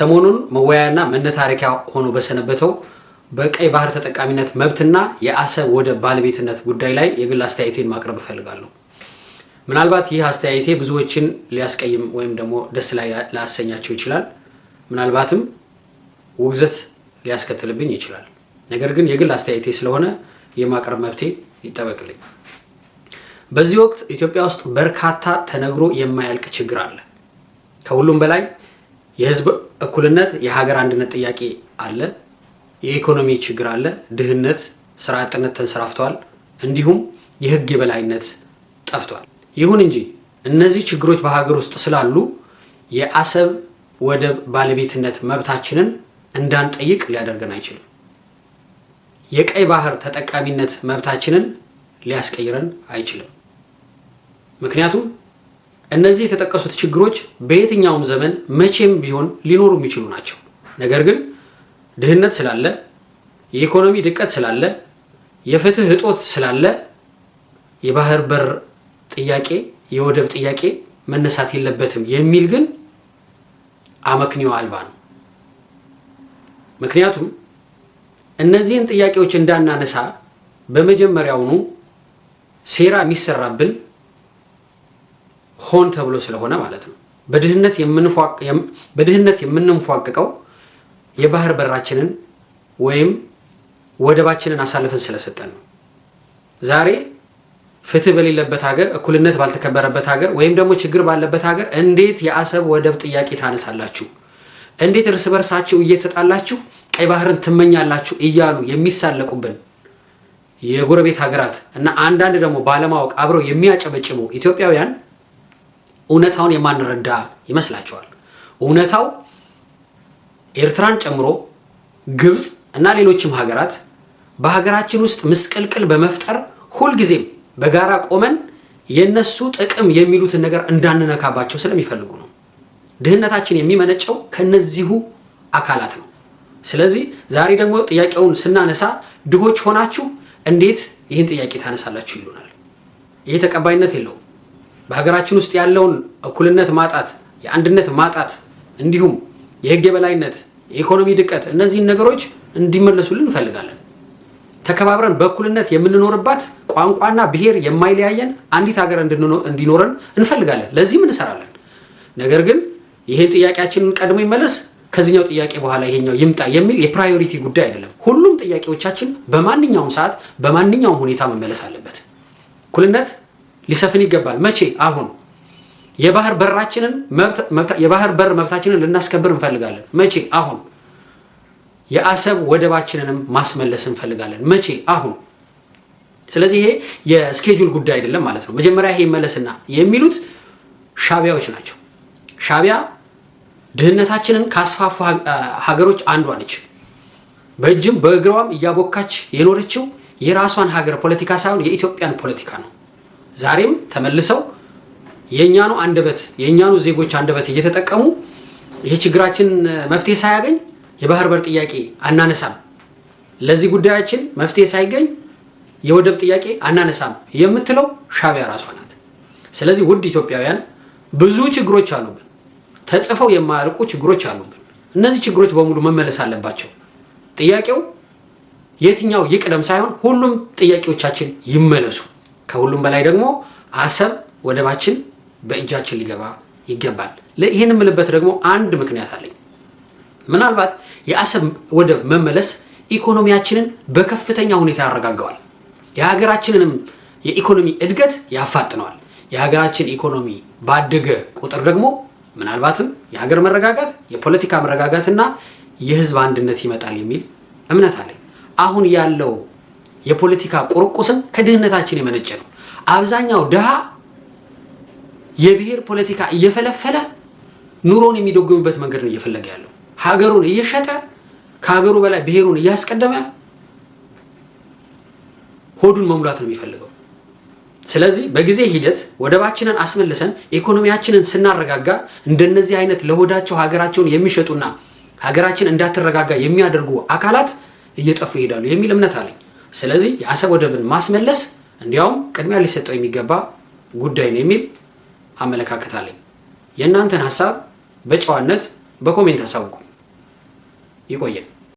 ሰሞኑን መወያያና መነታረኪያ ሆኖ በሰነበተው በቀይ ባህር ተጠቃሚነት መብትና የአሰብ ወደብ ባለቤትነት ጉዳይ ላይ የግል አስተያየቴን ማቅረብ እፈልጋለሁ። ምናልባት ይህ አስተያየቴ ብዙዎችን ሊያስቀይም ወይም ደግሞ ደስ ላይ ላሰኛቸው ይችላል። ምናልባትም ውግዘት ሊያስከትልብኝ ይችላል። ነገር ግን የግል አስተያየቴ ስለሆነ የማቅረብ መብቴ ይጠበቅልኝ። በዚህ ወቅት ኢትዮጵያ ውስጥ በርካታ ተነግሮ የማያልቅ ችግር አለ። ከሁሉም በላይ የህዝብ እኩልነት የሀገር አንድነት ጥያቄ አለ፣ የኢኮኖሚ ችግር አለ፣ ድህነት፣ ስራ አጥነት ተንሰራፍተዋል፣ እንዲሁም የህግ የበላይነት ጠፍቷል። ይሁን እንጂ እነዚህ ችግሮች በሀገር ውስጥ ስላሉ የአሰብ ወደብ ባለቤትነት መብታችንን እንዳንጠይቅ ሊያደርገን አይችልም። የቀይ ባህር ተጠቃሚነት መብታችንን ሊያስቀይረን አይችልም። ምክንያቱም እነዚህ የተጠቀሱት ችግሮች በየትኛውም ዘመን መቼም ቢሆን ሊኖሩ የሚችሉ ናቸው። ነገር ግን ድህነት ስላለ፣ የኢኮኖሚ ድቀት ስላለ፣ የፍትህ እጦት ስላለ የባህር በር ጥያቄ፣ የወደብ ጥያቄ መነሳት የለበትም የሚል ግን አመክንዮ አልባ ነው። ምክንያቱም እነዚህን ጥያቄዎች እንዳናነሳ በመጀመሪያውኑ ሴራ የሚሰራብን ሆን ተብሎ ስለሆነ ማለት ነው። በድህነት የምንንፏቅቀው የባህር በራችንን ወይም ወደባችንን አሳልፈን ስለሰጠን ነው። ዛሬ ፍትህ በሌለበት ሀገር፣ እኩልነት ባልተከበረበት ሀገር ወይም ደግሞ ችግር ባለበት ሀገር እንዴት የአሰብ ወደብ ጥያቄ ታነሳላችሁ? እንዴት እርስ በርሳችሁ እየተጣላችሁ ቀይ ባህርን ትመኛላችሁ እያሉ የሚሳለቁብን የጎረቤት ሀገራት እና አንዳንድ ደግሞ ባለማወቅ አብረው የሚያጨበጭቡ ኢትዮጵያውያን እውነታውን የማንረዳ ይመስላቸዋል። እውነታው ኤርትራን ጨምሮ ግብፅ እና ሌሎችም ሀገራት በሀገራችን ውስጥ ምስቅልቅል በመፍጠር ሁልጊዜም በጋራ ቆመን የነሱ ጥቅም የሚሉትን ነገር እንዳንነካባቸው ስለሚፈልጉ ነው። ድህነታችን የሚመነጨው ከነዚሁ አካላት ነው። ስለዚህ ዛሬ ደግሞ ጥያቄውን ስናነሳ ድሆች ሆናችሁ እንዴት ይህን ጥያቄ ታነሳላችሁ ይሉናል። ይህ ተቀባይነት የለውም። በሀገራችን ውስጥ ያለውን እኩልነት ማጣት፣ የአንድነት ማጣት እንዲሁም የህግ የበላይነት፣ የኢኮኖሚ ድቀት እነዚህን ነገሮች እንዲመለሱልን እንፈልጋለን። ተከባብረን በእኩልነት የምንኖርባት ቋንቋና ብሔር የማይለያየን አንዲት ሀገር እንዲኖረን እንፈልጋለን። ለዚህም እንሰራለን። ነገር ግን ይህን ጥያቄያችንን ቀድሞ ይመለስ ከዚህኛው ጥያቄ በኋላ ይሄኛው ይምጣ የሚል የፕራዮሪቲ ጉዳይ አይደለም። ሁሉም ጥያቄዎቻችን በማንኛውም ሰዓት በማንኛውም ሁኔታ መመለስ አለበት። እኩልነት ሊሰፍን ይገባል። መቼ? አሁን የባህር በራችንን የባህር በር መብታችንን ልናስከብር እንፈልጋለን። መቼ? አሁን የአሰብ ወደባችንንም ማስመለስ እንፈልጋለን። መቼ? አሁን ስለዚህ ይሄ የስኬጁል ጉዳይ አይደለም ማለት ነው። መጀመሪያ ይሄ ይመለስና የሚሉት ሻቢያዎች ናቸው። ሻቢያ ድህነታችንን ካስፋፉ ሀገሮች አንዷ ነች። በእጅም በእግሯም እያቦካች የኖረችው የራሷን ሀገር ፖለቲካ ሳይሆን የኢትዮጵያን ፖለቲካ ነው። ዛሬም ተመልሰው የእኛኑ አንደበት የእኛኑ ዜጎች አንደበት እየተጠቀሙ ይህ ችግራችን መፍትሄ ሳያገኝ የባህር በር ጥያቄ አናነሳም፣ ለዚህ ጉዳያችን መፍትሄ ሳይገኝ የወደብ ጥያቄ አናነሳም የምትለው ሻቢያ ራሷ ናት። ስለዚህ ውድ ኢትዮጵያውያን ብዙ ችግሮች አሉብን፣ ተጽፈው የማያልቁ ችግሮች አሉብን። እነዚህ ችግሮች በሙሉ መመለስ አለባቸው። ጥያቄው የትኛው ይቅደም ሳይሆን ሁሉም ጥያቄዎቻችን ይመለሱ። ከሁሉም በላይ ደግሞ አሰብ ወደባችን በእጃችን ሊገባ ይገባል። ይህን የምልበት ደግሞ አንድ ምክንያት አለኝ። ምናልባት የአሰብ ወደብ መመለስ ኢኮኖሚያችንን በከፍተኛ ሁኔታ ያረጋገዋል። የሀገራችንንም የኢኮኖሚ እድገት ያፋጥነዋል። የሀገራችን ኢኮኖሚ ባደገ ቁጥር ደግሞ ምናልባትም የሀገር መረጋጋት፣ የፖለቲካ መረጋጋትና የህዝብ አንድነት ይመጣል የሚል እምነት አለኝ። አሁን ያለው የፖለቲካ ቁርቁስም ከድህነታችን የመነጨ ነው። አብዛኛው ድሃ የብሔር ፖለቲካ እየፈለፈለ ኑሮን የሚደጉምበት መንገድ ነው እየፈለገ ያለው። ሀገሩን እየሸጠ ከሀገሩ በላይ ብሔሩን እያስቀደመ ሆዱን መሙላት ነው የሚፈልገው። ስለዚህ በጊዜ ሂደት ወደባችንን አስመልሰን ኢኮኖሚያችንን ስናረጋጋ እንደነዚህ አይነት ለሆዳቸው ሀገራቸውን የሚሸጡና ሀገራችን እንዳትረጋጋ የሚያደርጉ አካላት እየጠፉ ይሄዳሉ የሚል እምነት አለኝ። ስለዚህ የአሰብ ወደብን ማስመለስ እንዲያውም ቅድሚያ ሊሰጠው የሚገባ ጉዳይ ነው የሚል አመለካከት አለኝ። የእናንተን ሀሳብ በጨዋነት በኮሜንት አሳውቁ። ይቆየን።